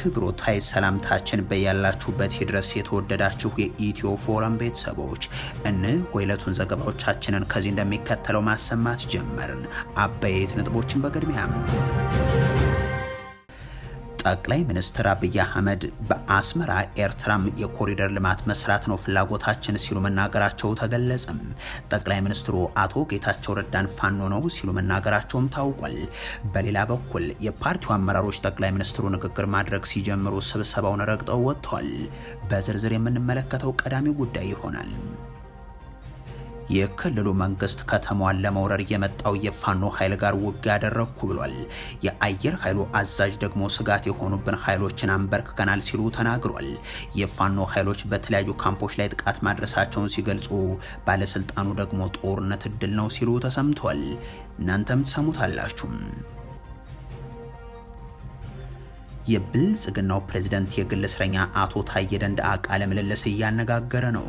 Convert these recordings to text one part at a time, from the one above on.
አክብሮታይ ሰላምታችን በያላችሁበት ይድረስ። የተወደዳችሁ የኢትዮ ፎረም ቤተሰቦች እነሆ የዕለቱን ዘገባዎቻችንን ከዚህ እንደሚከተለው ማሰማት ጀመርን። አበይት ነጥቦችን በቅድሚያ ጠቅላይ ሚኒስትር አብይ አህመድ በአስመራ ኤርትራም የኮሪደር ልማት መስራት ነው ፍላጎታችን ሲሉ መናገራቸው ተገለጸም። ጠቅላይ ሚኒስትሩ አቶ ጌታቸው ረዳን ፋኖ ነው ሲሉ መናገራቸውም ታውቋል። በሌላ በኩል የፓርቲው አመራሮች ጠቅላይ ሚኒስትሩ ንግግር ማድረግ ሲጀምሩ ስብሰባውን ረግጠው ወጥቷል። በዝርዝር የምንመለከተው ቀዳሚ ጉዳይ ይሆናል። የክልሉ መንግስት ከተማዋን ለመውረር የመጣው የፋኖ ኃይል ጋር ውጊያ ያደረኩ ብሏል። የአየር ኃይሉ አዛዥ ደግሞ ስጋት የሆኑብን ኃይሎችን አንበርክከናል ሲሉ ተናግሯል። የፋኖ ኃይሎች በተለያዩ ካምፖች ላይ ጥቃት ማድረሳቸውን ሲገልጹ፣ ባለስልጣኑ ደግሞ ጦርነት እድል ነው ሲሉ ተሰምቷል። እናንተም ትሰሙታላችሁ። የብልጽግናው ፕሬዝደንት የግል እስረኛ አቶ ታዬ ደንደአ ቃለ ምልልስ እያነጋገረ ነው።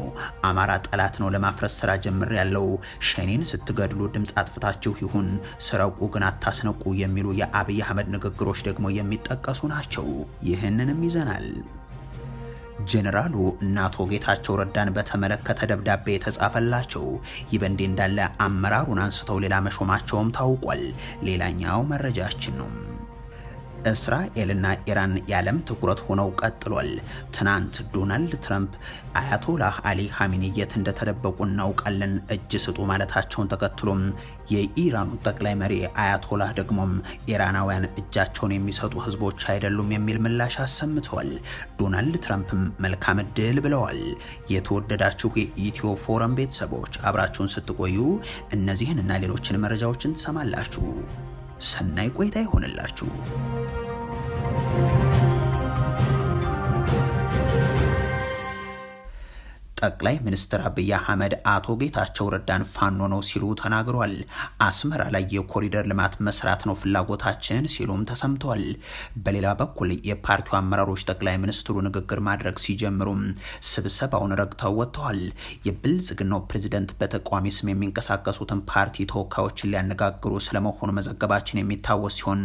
አማራ ጠላት ነው ለማፍረስ ስራ ጀምር ያለው ሸኔን ስትገድሉ ድምፅ አጥፍታችሁ ይሁን ስረቁ ግን አታስነቁ የሚሉ የአብይ አህመድ ንግግሮች ደግሞ የሚጠቀሱ ናቸው። ይህንንም ይዘናል። ጀኔራሉ እና አቶ ጌታቸው ረዳን በተመለከተ ደብዳቤ የተጻፈላቸው ይህ በእንዲህ እንዳለ አመራሩን አንስተው ሌላ መሾማቸውም ታውቋል። ሌላኛው መረጃችን ነው። እስራኤልና ኢራን የዓለም ትኩረት ሆነው ቀጥሏል። ትናንት ዶናልድ ትራምፕ አያቶላህ አሊ ሀሚኒ የት እንደተደበቁ እናውቃለን እጅ ስጡ ማለታቸውን ተከትሎም የኢራኑ ጠቅላይ መሪ አያቶላህ ደግሞም ኢራናውያን እጃቸውን የሚሰጡ ህዝቦች አይደሉም የሚል ምላሽ አሰምተዋል። ዶናልድ ትራምፕም መልካም እድል ብለዋል። የተወደዳችሁ የኢትዮ ፎረም ቤተሰቦች አብራችሁን ስትቆዩ እነዚህን እና ሌሎችን መረጃዎችን ትሰማላችሁ። ሰናይ ቆይታ ይሆንላችሁ። ጠቅላይ ሚኒስትር አብይ አህመድ አቶ ጌታቸው ረዳን ፋኖ ነው ሲሉ ተናግሯል። አስመራ ላይ የኮሪደር ልማት መስራት ነው ፍላጎታችን ሲሉም ተሰምተዋል። በሌላ በኩል የፓርቲው አመራሮች ጠቅላይ ሚኒስትሩ ንግግር ማድረግ ሲጀምሩም ስብሰባውን ረግተው ወጥተዋል። የብልጽግናው ፕሬዚደንት በተቃዋሚ ስም የሚንቀሳቀሱትን ፓርቲ ተወካዮችን ሊያነጋግሩ ስለመሆኑ መዘገባችን የሚታወስ ሲሆን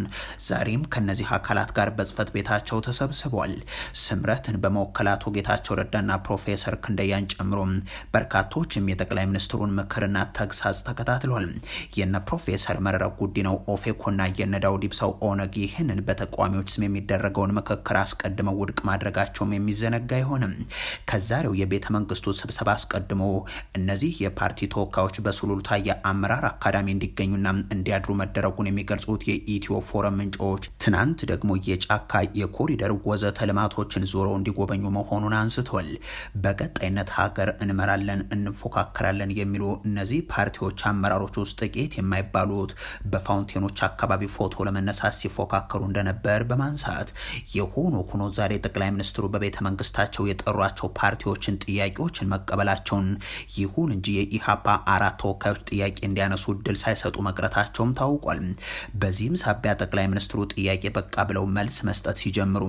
ዛሬም ከነዚህ አካላት ጋር በጽህፈት ቤታቸው ተሰብስበዋል። ስምረትን በመወከል አቶ ጌታቸው ረዳና ፕሮፌሰር ክንደያን ጌታን ጨምሮ በርካቶችም የጠቅላይ ሚኒስትሩን ምክርና ተግሳጽ ተከታትሏል። የነ ፕሮፌሰር መረራ ጉዲናው ኦፌኮና የነ ዳውድ ኢብሳው ኦነግ ይህንን በተቃዋሚዎች ስም የሚደረገውን ምክክር አስቀድመው ውድቅ ማድረጋቸውም የሚዘነጋ አይሆንም። ከዛሬው የቤተ መንግስቱ ስብሰባ አስቀድሞ እነዚህ የፓርቲ ተወካዮች በሱሉልታ የአመራር አካዳሚ እንዲገኙና እንዲያድሩ መደረጉን የሚገልጹት የኢትዮ ፎረም ምንጮች ትናንት ደግሞ የጫካ የኮሪደር ወዘተ ልማቶችን ዞረው እንዲጎበኙ መሆኑን አንስቷል። በቀጣይነት ሀገር እንመራለን፣ እንፎካከራለን የሚሉ እነዚህ ፓርቲዎች አመራሮች ውስጥ ጥቂት የማይባሉት በፋውንቴኖች አካባቢ ፎቶ ለመነሳት ሲፎካከሩ እንደነበር በማንሳት የሆኖ ሆኖ ዛሬ ጠቅላይ ሚኒስትሩ በቤተ መንግስታቸው የጠሯቸው ፓርቲዎችን ጥያቄዎችን መቀበላቸውን፣ ይሁን እንጂ የኢሃፓ አራት ተወካዮች ጥያቄ እንዲያነሱ እድል ሳይሰጡ መቅረታቸውም ታውቋል። በዚህም ሳቢያ ጠቅላይ ሚኒስትሩ ጥያቄ በቃ ብለው መልስ መስጠት ሲጀምሩ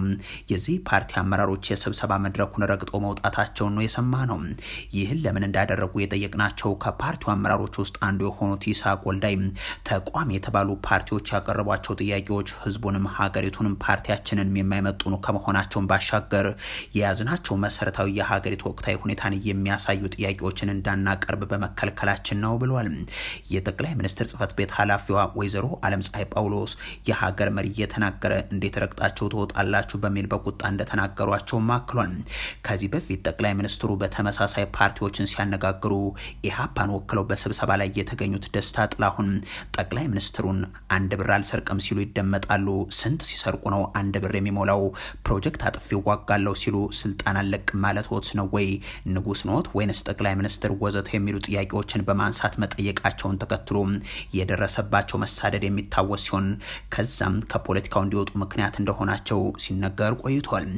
የዚህ ፓርቲ አመራሮች የስብሰባ መድረኩን ረግጦ መውጣታቸውን ነው የሰማ ነው። ነው። ይህን ለምን እንዳደረጉ የጠየቅናቸው ከፓርቲው አመራሮች ውስጥ አንዱ የሆኑት ይስሐቅ ወልዳይ ተቋም የተባሉ ፓርቲዎች ያቀረቧቸው ጥያቄዎች ህዝቡንም ሀገሪቱንም ፓርቲያችንን የማይመጥኑ ከመሆናቸውን ባሻገር የያዝናቸው መሰረታዊ የሀገሪቱ ወቅታዊ ሁኔታን የሚያሳዩ ጥያቄዎችን እንዳናቀርብ በመከልከላችን ነው ብሏል። የጠቅላይ ሚኒስትር ጽህፈት ቤት ኃላፊዋ ወይዘሮ አለም ፀሐይ ጳውሎስ የሀገር መሪ እየተናገረ እንዴት ረግጣቸው ትወጣላችሁ በሚል በቁጣ እንደተናገሯቸው ማክሏል። ከዚህ በፊት ጠቅላይ ሚኒስትሩ በተመ ተመሳሳይ ፓርቲዎችን ሲያነጋግሩ ኢህአፓን ወክለው በስብሰባ ላይ የተገኙት ደስታ ጥላሁን ጠቅላይ ሚኒስትሩን አንድ ብር አልሰርቅም ሲሉ ይደመጣሉ። ስንት ሲሰርቁ ነው አንድ ብር የሚሞላው? ፕሮጀክት አጥፍ ይዋጋለው ሲሉ ስልጣን አለቅ ማለት ሆት ነው ወይ ንጉስ ኖት ወይንስ ጠቅላይ ሚኒስትር ወዘተ የሚሉ ጥያቄዎችን በማንሳት መጠየቃቸውን ተከትሎ የደረሰባቸው መሳደድ የሚታወስ ሲሆን ከዛም ከፖለቲካው እንዲወጡ ምክንያት እንደሆናቸው ሲነገር ቆይቷል።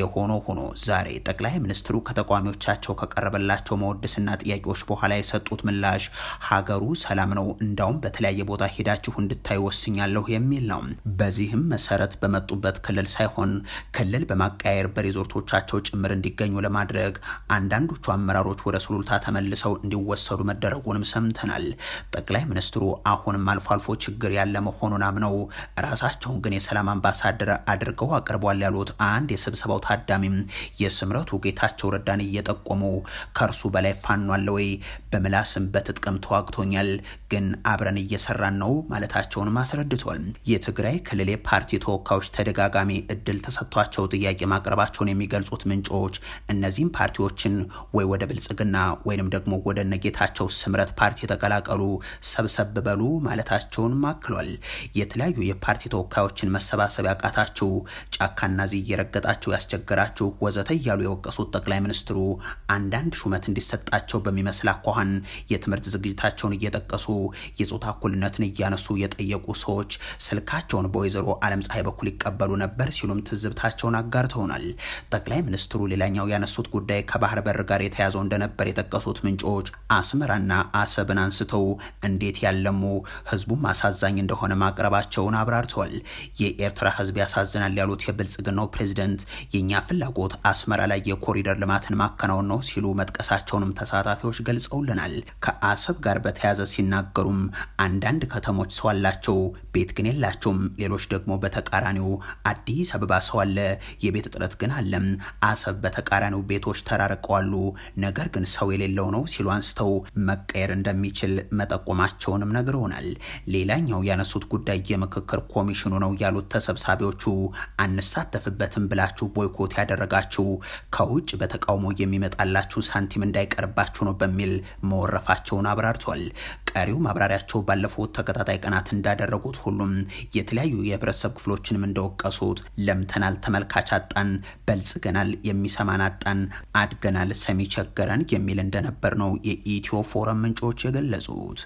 የሆኖ ሆኖ ዛሬ ጠቅላይ ሚኒስትሩ ከተቃዋሚዎቻቸው በበኩላቸው ከቀረበላቸው መወደስና ጥያቄዎች በኋላ የሰጡት ምላሽ ሀገሩ ሰላም ነው፣ እንዳውም በተለያየ ቦታ ሄዳችሁ እንድታይ ወስኛለሁ የሚል ነው። በዚህም መሰረት በመጡበት ክልል ሳይሆን ክልል በማቀያየር በሪዞርቶቻቸው ጭምር እንዲገኙ ለማድረግ አንዳንዶቹ አመራሮች ወደ ሱሉልታ ተመልሰው እንዲወሰዱ መደረጉንም ሰምተናል። ጠቅላይ ሚኒስትሩ አሁንም አልፎ አልፎ ችግር ያለ መሆኑን አምነው ራሳቸውን ግን የሰላም አምባሳደር አድርገው አቅርቧል ያሉት አንድ የስብሰባው ታዳሚም የስምረቱ ጌታቸው ረዳን እየጠቁ ቆሙ ከእርሱ በላይ ፋኖ አለ ወይ? በምላስም በትጥቅም ተዋግቶኛል፣ ግን አብረን እየሰራን ነው ማለታቸውን አስረድቷል። የትግራይ ክልል የፓርቲ ተወካዮች ተደጋጋሚ እድል ተሰጥቷቸው ጥያቄ ማቅረባቸውን የሚገልጹት ምንጮች እነዚህም ፓርቲዎችን ወይ ወደ ብልጽግና ወይንም ደግሞ ወደ ነጌታቸው ስምረት ፓርቲ የተቀላቀሉ ሰብሰብ በሉ ማለታቸውን አክሏል። የተለያዩ የፓርቲ ተወካዮችን መሰባሰብ ያቃታችሁ፣ ጫካና ዚህ እየረገጣችሁ ያስቸገራችሁ ወዘተ እያሉ የወቀሱት ጠቅላይ ሚኒስትሩ አንዳንድ ሹመት እንዲሰጣቸው በሚመስል አኳኋን የትምህርት ዝግጅታቸውን እየጠቀሱ የጾታ እኩልነትን እያነሱ የጠየቁ ሰዎች ስልካቸውን በወይዘሮ አለም ፀሐይ በኩል ይቀበሉ ነበር ሲሉም ትዝብታቸውን አጋርተውናል። ጠቅላይ ሚኒስትሩ ሌላኛው ያነሱት ጉዳይ ከባህር በር ጋር የተያዘው እንደነበር የጠቀሱት ምንጮች አስመራና አሰብን አንስተው እንዴት ያለሙ ህዝቡም አሳዛኝ እንደሆነ ማቅረባቸውን አብራርተዋል። የኤርትራ ህዝብ ያሳዝናል ያሉት የብልጽግናው ፕሬዚደንት የእኛ ፍላጎት አስመራ ላይ የኮሪደር ልማትን ማከናወን ነው ሲሉ መጥቀሳቸውንም ተሳታፊዎች ገልጸውልናል። ከአሰብ ጋር በተያያዘ ሲናገሩም አንዳንድ ከተሞች ሰው አላቸው፣ ቤት ግን የላቸውም። ሌሎች ደግሞ በተቃራኒው አዲስ አበባ ሰው አለ፣ የቤት እጥረት ግን አለም። አሰብ በተቃራኒው ቤቶች ተራርቀዋሉ፣ ነገር ግን ሰው የሌለው ነው ሲሉ አንስተው መቀየር እንደሚችል መጠቆማቸውንም ነግረውናል። ሌላኛው ያነሱት ጉዳይ የምክክር ኮሚሽኑ ነው ያሉት ተሰብሳቢዎቹ አንሳተፍበትም ብላችሁ ቦይኮት ያደረጋችሁ ከውጭ በተቃውሞ የሚመጣል ያላችሁ ሳንቲም እንዳይቀርባችሁ ነው በሚል መወረፋቸውን አብራርቷል። ቀሪው ማብራሪያቸው ባለፉት ተከታታይ ቀናት እንዳደረጉት ሁሉም የተለያዩ የህብረተሰብ ክፍሎችንም እንደወቀሱት ለምተናል፣ ተመልካች አጣን፣ በልጽገናል፣ የሚሰማን አጣን፣ አድገናል፣ ሰሚ ቸገረን የሚል እንደነበር ነው የኢትዮ ፎረም ምንጮች የገለጹት።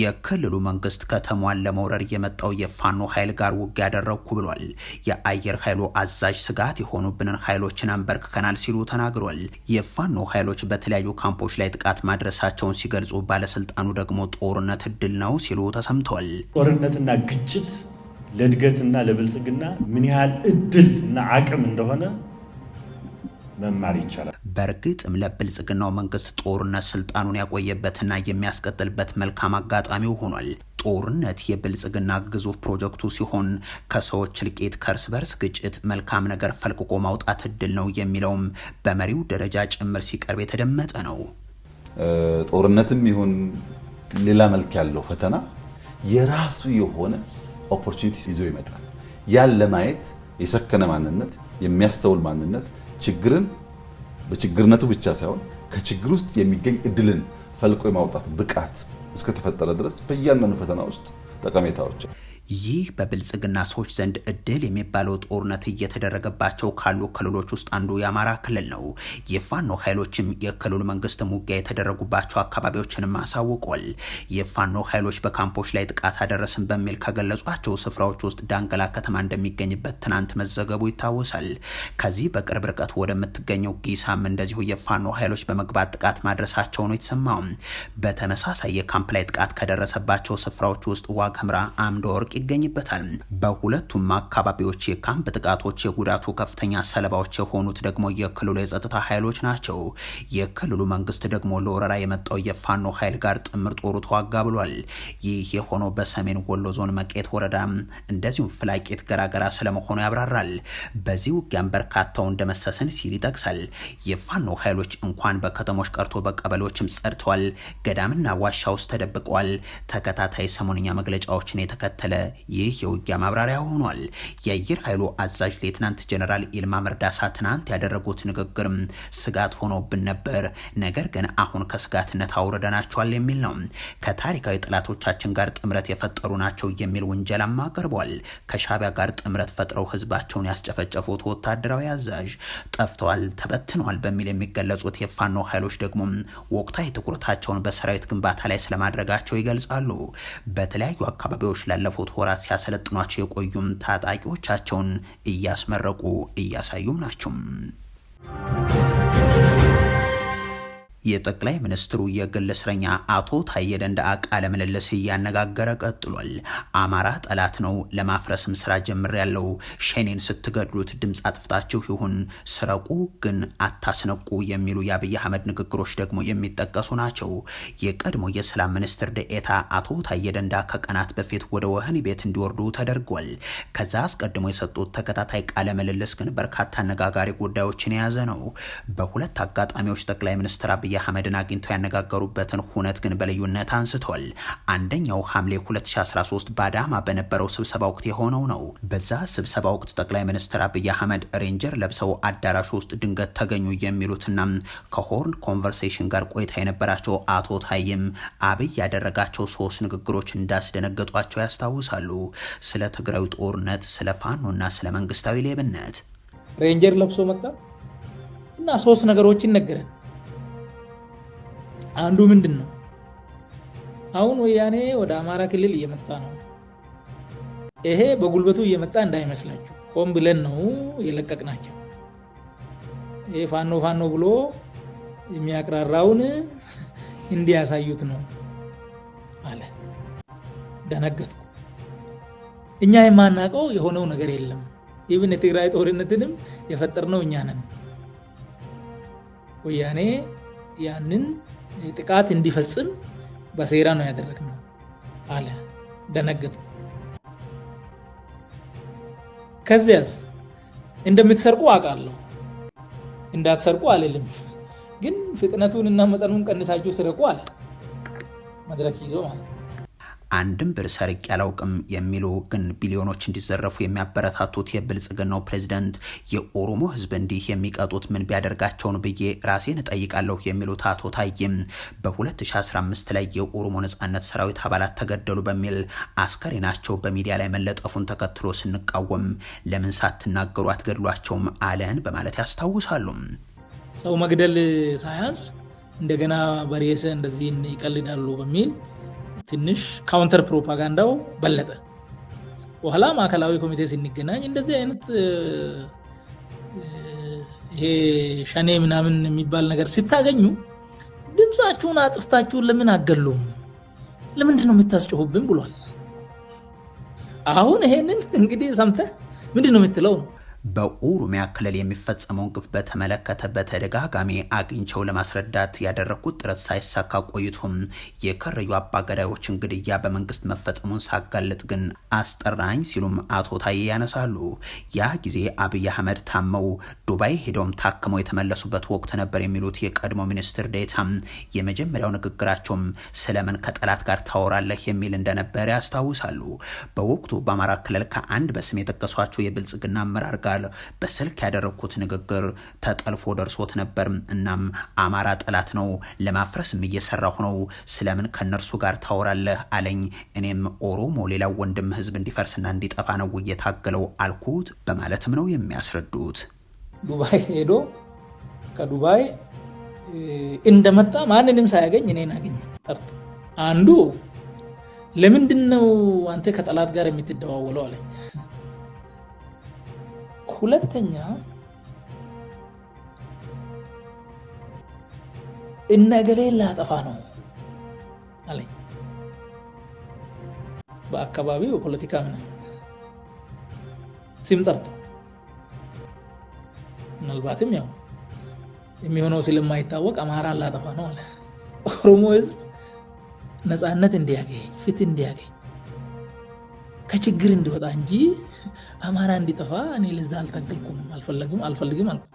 የክልሉ መንግስት ከተማዋን ለመውረር የመጣው የፋኖ ኃይል ጋር ውጊያ ያደረግኩ ብሏል። የአየር ኃይሉ አዛዥ ስጋት የሆኑብንን ኃይሎችን አንበርክከናል ሲሉ ተናግሯል። የፋኖ ኃይሎች በተለያዩ ካምፖች ላይ ጥቃት ማድረሳቸውን ሲገልጹ፣ ባለስልጣኑ ደግሞ ጦርነት እድል ነው ሲሉ ተሰምቷል። ጦርነትና ግጭት ለእድገትና ለብልጽግና ምን ያህል እድል እና አቅም እንደሆነ መማር ይቻላል። በእርግጥም ለብልጽግናው መንግስት ጦርነት ስልጣኑን ያቆየበትና የሚያስቀጥልበት መልካም አጋጣሚ ሆኗል። ጦርነት የብልጽግና ግዙፍ ፕሮጀክቱ ሲሆን ከሰዎች እልቂት፣ ከእርስ በርስ ግጭት መልካም ነገር ፈልቅቆ ማውጣት እድል ነው የሚለውም በመሪው ደረጃ ጭምር ሲቀርብ የተደመጠ ነው። ጦርነትም ይሁን ሌላ መልክ ያለው ፈተና የራሱ የሆነ ኦፖርቹኒቲ ይዞ ይመጣል። ያን ለማየት የሰከነ ማንነት፣ የሚያስተውል ማንነት ችግርን በችግርነቱ ብቻ ሳይሆን ከችግር ውስጥ የሚገኝ እድልን ፈልቆ የማውጣት ብቃት እስከተፈጠረ ድረስ በእያንዳንዱ ፈተና ውስጥ ጠቀሜታዎች ይህ በብልጽግና ሰዎች ዘንድ እድል የሚባለው ጦርነት እየተደረገባቸው ካሉ ክልሎች ውስጥ አንዱ የአማራ ክልል ነው። የፋኖ ኃይሎችም የክልሉ መንግስት ውጊያ የተደረጉባቸው አካባቢዎችንም አሳውቋል። የፋኖ ኃይሎች በካምፖች ላይ ጥቃት አደረስን በሚል ከገለጿቸው ስፍራዎች ውስጥ ዳንገላ ከተማ እንደሚገኝበት ትናንት መዘገቡ ይታወሳል። ከዚህ በቅርብ ርቀት ወደምትገኘው ጊሳም እንደዚሁ የፋኖ ኃይሎች በመግባት ጥቃት ማድረሳቸው ነው የተሰማው። በተመሳሳይ የካምፕ ላይ ጥቃት ከደረሰባቸው ስፍራዎች ውስጥ ዋግ ህምራ፣ አምድ ይገኝበታል። በሁለቱም አካባቢዎች የካምፕ ጥቃቶች የጉዳቱ ከፍተኛ ሰለባዎች የሆኑት ደግሞ የክልሉ የጸጥታ ኃይሎች ናቸው። የክልሉ መንግስት ደግሞ ለወረራ የመጣው የፋኖ ኃይል ጋር ጥምር ጦሩ ተዋጋ ብሏል። ይህ የሆነው በሰሜን ወሎ ዞን መቄት ወረዳ እንደዚሁም ፍላቄት ገራገራ ስለመሆኑ ያብራራል። በዚህ ውጊያም በርካታው እንደመሰስን ሲል ይጠቅሳል። የፋኖ ኃይሎች እንኳን በከተሞች ቀርቶ በቀበሌዎችም ጸድተዋል። ገዳምና ዋሻ ውስጥ ተደብቀዋል። ተከታታይ ሰሞንኛ መግለጫዎችን የተከተለ ይህ የውጊያ ማብራሪያ ሆኗል። የአየር ኃይሉ አዛዥ ሌትናንት ጀነራል ኢልማ መርዳሳ ትናንት ያደረጉት ንግግርም ስጋት ሆኖብን ነበር፣ ነገር ግን አሁን ከስጋትነት አውርደናቸዋል የሚል ነው። ከታሪካዊ ጠላቶቻችን ጋር ጥምረት የፈጠሩ ናቸው የሚል ውንጀላም አቅርቧል። ከሻቢያ ጋር ጥምረት ፈጥረው ህዝባቸውን ያስጨፈጨፉት ወታደራዊ አዛዥ ጠፍተዋል፣ ተበትነዋል በሚል የሚገለጹት የፋኖ ኃይሎች ደግሞ ወቅታዊ ትኩረታቸውን በሰራዊት ግንባታ ላይ ስለማድረጋቸው ይገልጻሉ። በተለያዩ አካባቢዎች ላለፉት ባለፉት ወራት ሲያሰለጥኗቸው የቆዩም ታጣቂዎቻቸውን እያስመረቁ እያሳዩም ናቸው። የጠቅላይ ሚኒስትሩ የግል እስረኛ አቶ ታየ ደንደአ ቃለ ምልልስ እያነጋገረ ቀጥሏል። አማራ ጠላት ነው፣ ለማፍረስም ስራ ጀምር ያለው ሸኔን ስትገድሉት ድምፅ አጥፍታችሁ ይሁን ስረቁ፣ ግን አታስነቁ የሚሉ የአብይ አህመድ ንግግሮች ደግሞ የሚጠቀሱ ናቸው። የቀድሞ የሰላም ሚኒስትር ደኤታ አቶ ታየ ደንደአ ከቀናት በፊት ወደ ወህኒ ቤት እንዲወርዱ ተደርጓል። ከዛ አስቀድሞ የሰጡት ተከታታይ ቃለ ምልልስ ግን በርካታ አነጋጋሪ ጉዳዮችን የያዘ ነው። በሁለት አጋጣሚዎች ጠቅላይ ሚኒስትር አብይ አብይ አህመድን አግኝቶ ያነጋገሩበትን ሁነት ግን በልዩነት አንስቷል። አንደኛው ሐምሌ 2013 በአዳማ በነበረው ስብሰባ ወቅት የሆነው ነው። በዛ ስብሰባ ወቅት ጠቅላይ ሚኒስትር አብይ አህመድ ሬንጀር ለብሰው አዳራሽ ውስጥ ድንገት ተገኙ የሚሉትና ከሆርን ኮንቨርሴሽን ጋር ቆይታ የነበራቸው አቶ ታይም አብይ ያደረጋቸው ሶስት ንግግሮች እንዳስደነገጧቸው ያስታውሳሉ። ስለ ትግራዩ ጦርነት፣ ስለ ፋኖና ስለ መንግስታዊ ሌብነት ሬንጀር ለብሶ መጣ እና ሶስት ነገሮችን ነገረን። አንዱ ምንድን ነው አሁን ወያኔ ወደ አማራ ክልል እየመጣ ነው። ይሄ በጉልበቱ እየመጣ እንዳይመስላችሁ፣ ቆም ብለን ነው የለቀቅናቸው። ይሄ ፋኖ ፋኖ ብሎ የሚያቅራራውን እንዲያሳዩት ነው አለ። ደነገጥኩ። እኛ የማናውቀው የሆነው ነገር የለም። ኢብን የትግራይ ጦርነትንም የፈጠርነው እኛ ነን። ወያኔ ያንን ጥቃት እንዲፈጽም በሴራ ነው ነው አለ። ደነገጡ ከዚያስ እንደምትሰርቁ አውቃለሁ፣ እንዳትሰርቁ አልልም፣ ግን ፍጥነቱን እና መጠኑን ቀንሳችሁ ስረቁ አለ መድረክ ይዞ ማለት አንድም ብር ሰርቅ አላውቅም የሚሉ ግን ቢሊዮኖች እንዲዘረፉ የሚያበረታቱት የብልጽግናው ፕሬዚደንት የኦሮሞ ህዝብ እንዲህ የሚቀጡት ምን ቢያደርጋቸውን ብዬ ራሴን እጠይቃለሁ የሚሉት አቶ ታይም በ2015 ላይ የኦሮሞ ነጻነት ሰራዊት አባላት ተገደሉ በሚል አስከሬናቸው በሚዲያ ላይ መለጠፉን ተከትሎ ስንቃወም ለምን ሳትናገሩ አትገድሏቸውም አለን በማለት ያስታውሳሉ። ሰው መግደል ሳያንስ እንደገና በሬሰ እንደዚህ ይቀልዳሉ በሚል ትንሽ ካውንተር ፕሮፓጋንዳው በለጠ። በኋላ ማዕከላዊ ኮሚቴ ስንገናኝ እንደዚህ አይነት ይሄ ሸኔ ምናምን የሚባል ነገር ስታገኙ ድምፃችሁን አጥፍታችሁን ለምን አገሉም? ለምንድን ነው የምታስጨሁብን ብሏል። አሁን ይሄንን እንግዲህ ሰምተ ምንድን ነው የምትለው ነው በኦሮሚያ ክልል የሚፈጸመውን ግፍ በተመለከተ በተደጋጋሚ አግኝቸው ለማስረዳት ያደረግኩት ጥረት ሳይሳካ ቆይቶም የከረዩ አባገዳዮችን ግድያ በመንግስት መፈጸሙን ሳጋለጥ ግን አስጠራኝ ሲሉም አቶ ታዬ ያነሳሉ። ያ ጊዜ አብይ አህመድ ታመው ዱባይ ሄደውም ታክመው የተመለሱበት ወቅት ነበር የሚሉት የቀድሞ ሚኒስትር ዴታ የመጀመሪያው ንግግራቸውም ስለምን ከጠላት ጋር ታወራለህ የሚል እንደነበር ያስታውሳሉ። በወቅቱ በአማራ ክልል ከአንድ በስም የጠቀሷቸው የብልጽግና አመራር ጋር ሲባል በስልክ ያደረግኩት ንግግር ተጠልፎ ደርሶት ነበር። እናም አማራ ጠላት ነው፣ ለማፍረስም እየሰራሁ ነው፣ ስለምን ከነርሱ ጋር ታወራለህ አለኝ። እኔም ኦሮሞ ሌላው ወንድም ህዝብ እንዲፈርስና እንዲጠፋ ነው እየታገለው አልኩት በማለትም ነው የሚያስረዱት። ዱባይ ሄዶ ከዱባይ እንደመጣ ማንንም ሳያገኝ እኔን አገኝ ጠርቶ አንዱ ለምንድን ነው አንተ ከጠላት ጋር የምትደዋወለው አለኝ። ሁለተኛ እነገሌ ላጠፋ ነው አለ። በአካባቢው ፖለቲካ ምን ስም ጠርቶ ምናልባትም ያው የሚሆነው ስለማይታወቅ አማራ ላጠፋ ነው አለ። ኦሮሞ ህዝብ ነፃነት እንዲያገኝ፣ ፍትህ እንዲያገኝ፣ ከችግር እንዲወጣ እንጂ አማራ እንዲጠፋ እኔ ለዛ አልታገልኩም፣ አልፈለግም አልፈልግም አልኩ።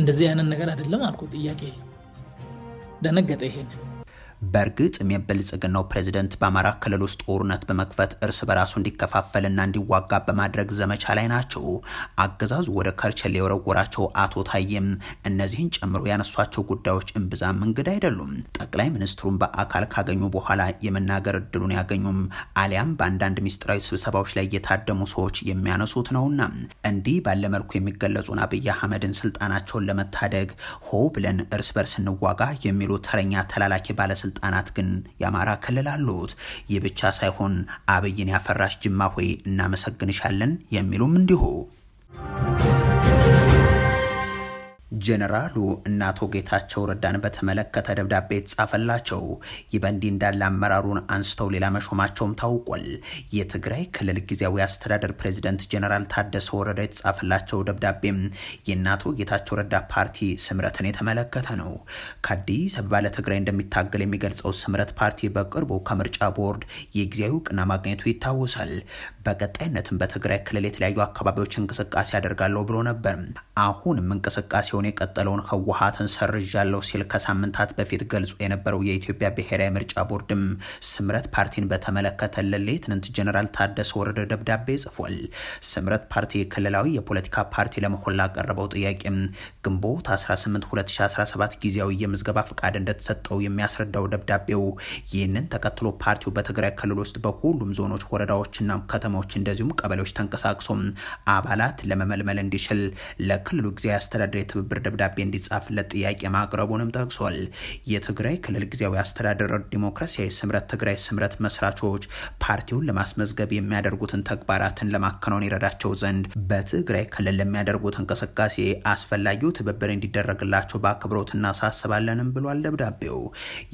እንደዚህ አይነት ነገር አይደለም አልኩ። ጥያቄ ደነገጠ። ይሄን በእርግጥ የብልጽግናው ፕሬዝደንት በአማራ ክልል ውስጥ ጦርነት በመክፈት እርስ በራሱ እንዲከፋፈልና እንዲዋጋ በማድረግ ዘመቻ ላይ ናቸው። አገዛዙ ወደ ከርቸሌ የወረወራቸው አቶ ታዬም እነዚህን ጨምሮ ያነሷቸው ጉዳዮች እምብዛም እንግዳ አይደሉም። ጠቅላይ ሚኒስትሩን በአካል ካገኙ በኋላ የመናገር እድሉን ያገኙም አሊያም በአንዳንድ ሚስጥራዊ ስብሰባዎች ላይ የታደሙ ሰዎች የሚያነሱት ነውና እንዲህ ባለመልኩ የሚገለጹን አብይ አህመድን ስልጣናቸውን ለመታደግ ሆ ብለን እርስ በርስ እንዋጋ የሚሉ ተረኛ ተላላኪ ባለስልጣ ባለስልጣናት ግን የአማራ ክልል አሉት። ይህ ብቻ ሳይሆን አብይን ያፈራሽ ጅማ ሆይ እናመሰግንሻለን የሚሉም እንዲሁ ጀነራሉ እና አቶ ጌታቸው ረዳን በተመለከተ ደብዳቤ የተጻፈላቸው ይህ በእንዲህ እንዳለ አመራሩን አንስተው ሌላ መሾማቸውም ታውቋል። የትግራይ ክልል ጊዜያዊ አስተዳደር ፕሬዚደንት ጀነራል ታደሰ ወረደ የተጻፈላቸው ደብዳቤም የእናቶ አቶ ጌታቸው ረዳ ፓርቲ ስምረትን የተመለከተ ነው። ከአዲስ አበባ ለትግራይ እንደሚታገል የሚገልጸው ስምረት ፓርቲ በቅርቡ ከምርጫ ቦርድ የጊዜያዊ እውቅና ማግኘቱ ይታወሳል። በቀጣይነትም በትግራይ ክልል የተለያዩ አካባቢዎች እንቅስቃሴ ያደርጋለሁ ብሎ ነበር። አሁንም እንቅስቃሴውን የቀጠለውን ህወሀትን ሰርዣለሁ ሲል ከሳምንታት በፊት ገልጾ የነበረው የኢትዮጵያ ብሔራዊ ምርጫ ቦርድም ስምረት ፓርቲን በተመለከተ ለሌተናንት ጀነራል ታደሰ ወረደ ደብዳቤ ጽፏል። ስምረት ፓርቲ ክልላዊ የፖለቲካ ፓርቲ ለመሆን ላቀረበው ጥያቄም ግንቦት 18 2017 ጊዜያዊ የምዝገባ ፍቃድ እንደተሰጠው የሚያስረዳው ደብዳቤው ይህንን ተከትሎ ፓርቲው በትግራይ ክልል ውስጥ በሁሉም ዞኖች፣ ወረዳዎችና ከተማ ከተሞች እንደዚሁም ቀበሌዎች ተንቀሳቅሶ አባላት ለመመልመል እንዲችል ለክልሉ ጊዜያዊ አስተዳደር የትብብር ደብዳቤ እንዲጻፍለት ጥያቄ ማቅረቡንም ጠቅሷል። የትግራይ ክልል ጊዜያዊ አስተዳደር ዲሞክራሲያዊ ስምረት ትግራይ ስምረት መስራቾች ፓርቲውን ለማስመዝገብ የሚያደርጉትን ተግባራትን ለማከናወን ይረዳቸው ዘንድ በትግራይ ክልል ለሚያደርጉት እንቅስቃሴ አስፈላጊው ትብብር እንዲደረግላቸው በአክብሮት እናሳስባለንም ብሏል ደብዳቤው።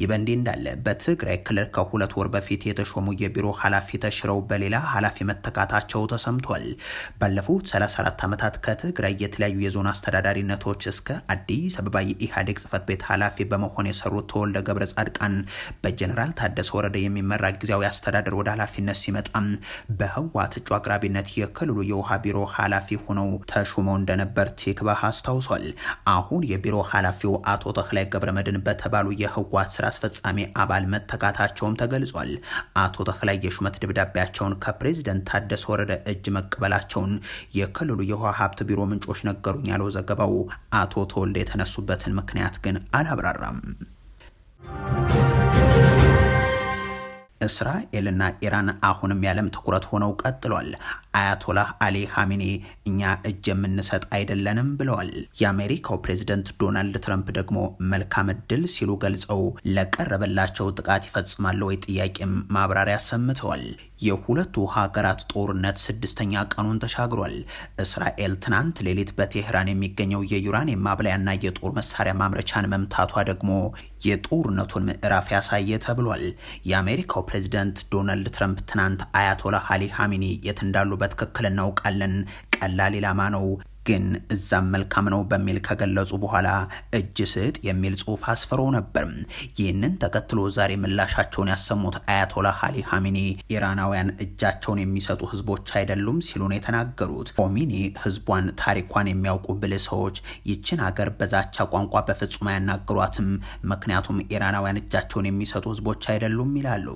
ይህ በእንዲህ እንዳለ በትግራይ ክልል ከሁለት ወር በፊት የተሾሙ የቢሮ ኃላፊ ተሽረው በሌላ ኃላፊ መተካታቸው ተሰምቷል። ባለፉት 34 ዓመታት ከትግራይ የተለያዩ የዞን አስተዳዳሪነቶች እስከ አዲስ አበባ የኢህአዴግ ጽህፈት ቤት ኃላፊ በመሆን የሰሩት ተወልደ ገብረ ጻድቃን በጀኔራል ታደሰ ወረደ የሚመራ ጊዜያዊ አስተዳደር ወደ ኃላፊነት ሲመጣም በህወሓት እጩ አቅራቢነት የክልሉ የውሃ ቢሮ ኃላፊ ሆነው ተሹመው እንደነበር ቲክባህ አስታውሷል። አሁን የቢሮ ኃላፊው አቶ ተክላይ ገብረ መድን በተባሉ የህወሓት ስራ አስፈጻሚ አባል መተካታቸውም ተገልጿል። አቶ ተክላይ የሹመት ደብዳቤያቸውን ከፕሬዝደንት ታደሰ ወረደ እጅ መቀበላቸውን የክልሉ የውሃ ሀብት ቢሮ ምንጮች ነገሩኝ ያለው ዘገባው አቶ ተወልደ የተነሱበትን ምክንያት ግን አላብራራም። እስራኤልና ኢራን አሁንም የዓለም ትኩረት ሆነው ቀጥሏል። አያቶላህ አሊ ሐሚኔ እኛ እጅ የምንሰጥ አይደለንም ብለዋል። የአሜሪካው ፕሬዝደንት ዶናልድ ትራምፕ ደግሞ መልካም እድል ሲሉ ገልጸው ለቀረበላቸው ጥቃት ይፈጽማል ወይ ጥያቄም ማብራሪያ ሰምተዋል። የሁለቱ ሀገራት ጦርነት ስድስተኛ ቀኑን ተሻግሯል። እስራኤል ትናንት ሌሊት በቴህራን የሚገኘው የዩራኒየም ማብላያና የጦር መሳሪያ ማምረቻን መምታቷ ደግሞ የጦርነቱን ምዕራፍ ያሳየ ተብሏል። የአሜሪካው ፕሬዚደንት ዶናልድ ትራምፕ ትናንት አያቶላ አሊ ሀሚኒ የት እንዳሉ በትክክል እናውቃለን፣ ቀላል ኢላማ ነው ግን እዛም መልካም ነው በሚል ከገለጹ በኋላ እጅ ስጥ የሚል ጽሁፍ አስፍረው ነበር። ይህንን ተከትሎ ዛሬ ምላሻቸውን ያሰሙት አያቶላ አሊ ሀሚኒ ኢራናውያን እጃቸውን የሚሰጡ ህዝቦች አይደሉም ሲሉ ነው የተናገሩት። ሆሚኒ ህዝቧን ታሪኳን የሚያውቁ ብልህ ሰዎች ይችን ሀገር በዛቻ ቋንቋ በፍጹም አያናግሯትም፣ ምክንያቱም ኢራናውያን እጃቸውን የሚሰጡ ህዝቦች አይደሉም ይላሉ።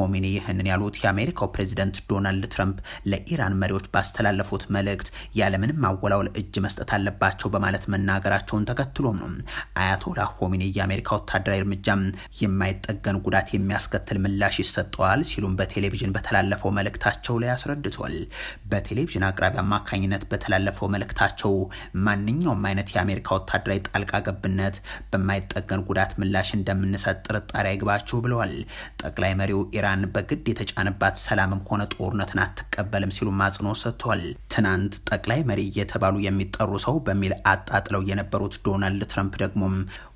ሆሚኒ ይህንን ያሉት የአሜሪካው ፕሬዚደንት ዶናልድ ትራምፕ ለኢራን መሪዎች ባስተላለፉት መልእክት ያለምንም አወላው ለውጊያው እጅ መስጠት አለባቸው በማለት መናገራቸውን ተከትሎም ነው አያቶላ ሆሚኒ የአሜሪካ ወታደራዊ እርምጃ የማይጠገን ጉዳት የሚያስከትል ምላሽ ይሰጠዋል ሲሉም በቴሌቪዥን በተላለፈው መልእክታቸው ላይ አስረድቷል። በቴሌቪዥን አቅራቢ አማካኝነት በተላለፈው መልእክታቸው ማንኛውም አይነት የአሜሪካ ወታደራዊ ጣልቃ ገብነት በማይጠገን ጉዳት ምላሽ እንደምንሰጥ ጥርጣሬ አይግባችሁ ብለዋል። ጠቅላይ መሪው ኢራን በግድ የተጫነባት ሰላምም ሆነ ጦርነትን አትቀበልም ሲሉም አጽንኦት ሰጥተዋል። ትናንት ጠቅላይ መሪ እየተባሉ የሚጠሩ ሰው በሚል አጣጥለው የነበሩት ዶናልድ ትራምፕ ደግሞ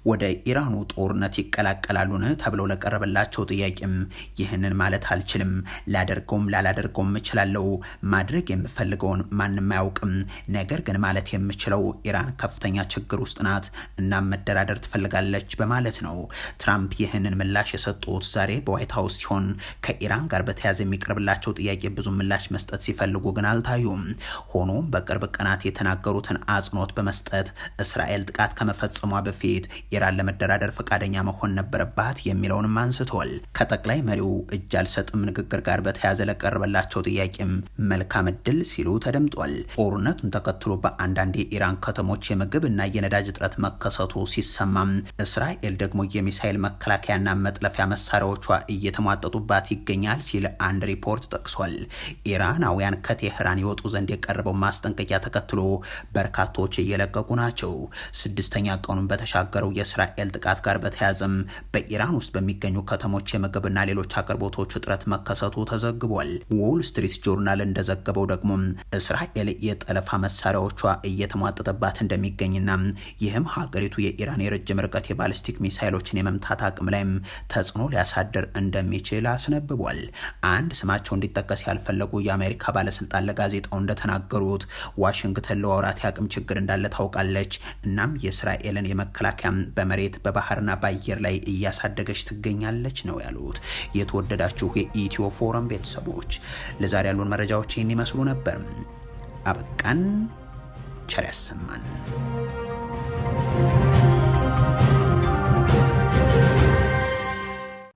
ወደ ኢራኑ ጦርነት ይቀላቀላሉን ተብለው ለቀረበላቸው ጥያቄም ይህንን ማለት አልችልም፣ ላደርገውም ላላደርገውም እችላለሁ። ማድረግ የምፈልገውን ማንም አያውቅም። ነገር ግን ማለት የምችለው ኢራን ከፍተኛ ችግር ውስጥ ናት፣ እና መደራደር ትፈልጋለች በማለት ነው። ትራምፕ ይህንን ምላሽ የሰጡት ዛሬ በዋይት ሀውስ ሲሆን ከኢራን ጋር በተያያዘ የሚቀርብላቸው ጥያቄ ብዙ ምላሽ መስጠት ሲፈልጉ ግን አልታዩም። ሆኖም በቅርብ ቀናት የተናገሩትን አጽንኦት በመስጠት እስራኤል ጥቃት ከመፈጸሟ በፊት ኢራን ለመደራደር ፈቃደኛ መሆን ነበረባት የሚለውንም አንስቷል። ከጠቅላይ መሪው እጅ አልሰጥም ንግግር ጋር በተያያዘ ለቀረበላቸው ጥያቄም መልካም እድል ሲሉ ተደምጧል። ጦርነቱን ተከትሎ በአንዳንድ የኢራን ከተሞች የምግብ እና የነዳጅ እጥረት መከሰቱ ሲሰማም እስራኤል ደግሞ የሚሳይል መከላከያና መጥለፊያ መሳሪያዎቿ እየተሟጠጡባት ይገኛል ሲል አንድ ሪፖርት ጠቅሷል። ኢራናውያን ከቴህራን የወጡ ዘንድ የቀረበው ማስጠንቀቂያ ተከትሎ በርካቶች እየለቀቁ ናቸው። ስድስተኛ ቀኑን በተሻገረው የ ከእስራኤል ጥቃት ጋር በተያያዘም በኢራን ውስጥ በሚገኙ ከተሞች የምግብና ሌሎች አቅርቦቶች እጥረት መከሰቱ ተዘግቧል። ዎል ስትሪት ጆርናል እንደዘገበው ደግሞ እስራኤል የጠለፋ መሳሪያዎቿ እየተሟጠጠባት እንደሚገኝና ይህም ሀገሪቱ የኢራን የረጅም ርቀት የባሊስቲክ ሚሳይሎችን የመምታት አቅም ላይም ተጽዕኖ ሊያሳድር እንደሚችል አስነብቧል። አንድ ስማቸው እንዲጠቀስ ያልፈለጉ የአሜሪካ ባለስልጣን ለጋዜጣው እንደተናገሩት ዋሽንግተን ለወራት የአቅም ችግር እንዳለ ታውቃለች። እናም የእስራኤልን የመከላከያ በመሬት በባህርና በአየር ላይ እያሳደገች ትገኛለች ነው ያሉት። የተወደዳችሁ የኢትዮ ፎረም ቤተሰቦች ለዛሬ ያሉን መረጃዎች ይህን ይመስሉ ነበር። አበቃን። ቸር ያሰማን።